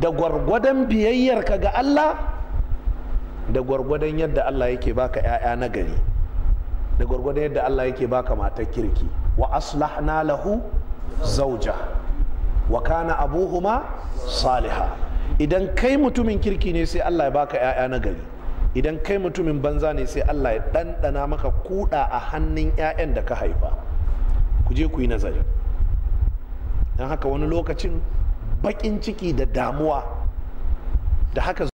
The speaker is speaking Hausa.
da gwargwadon biyayyarka ga Allah da gwargwadon yadda Allah yake baka 'ya'ya na gari da gwargwadon yadda Allah yake baka matar kirki wa aslahna lahu zauja wa kana abuhuma saliha idan kai mutumin kirki ne sai Allah ya baka 'ya'ya na gari idan kai mutumin banza ne sai Allah ya ɗanɗana maka kuɗa a hannun 'ya'yan da ka haifa ku je ku yi nazari don haka wani lokacin baƙin ciki da damuwa da haka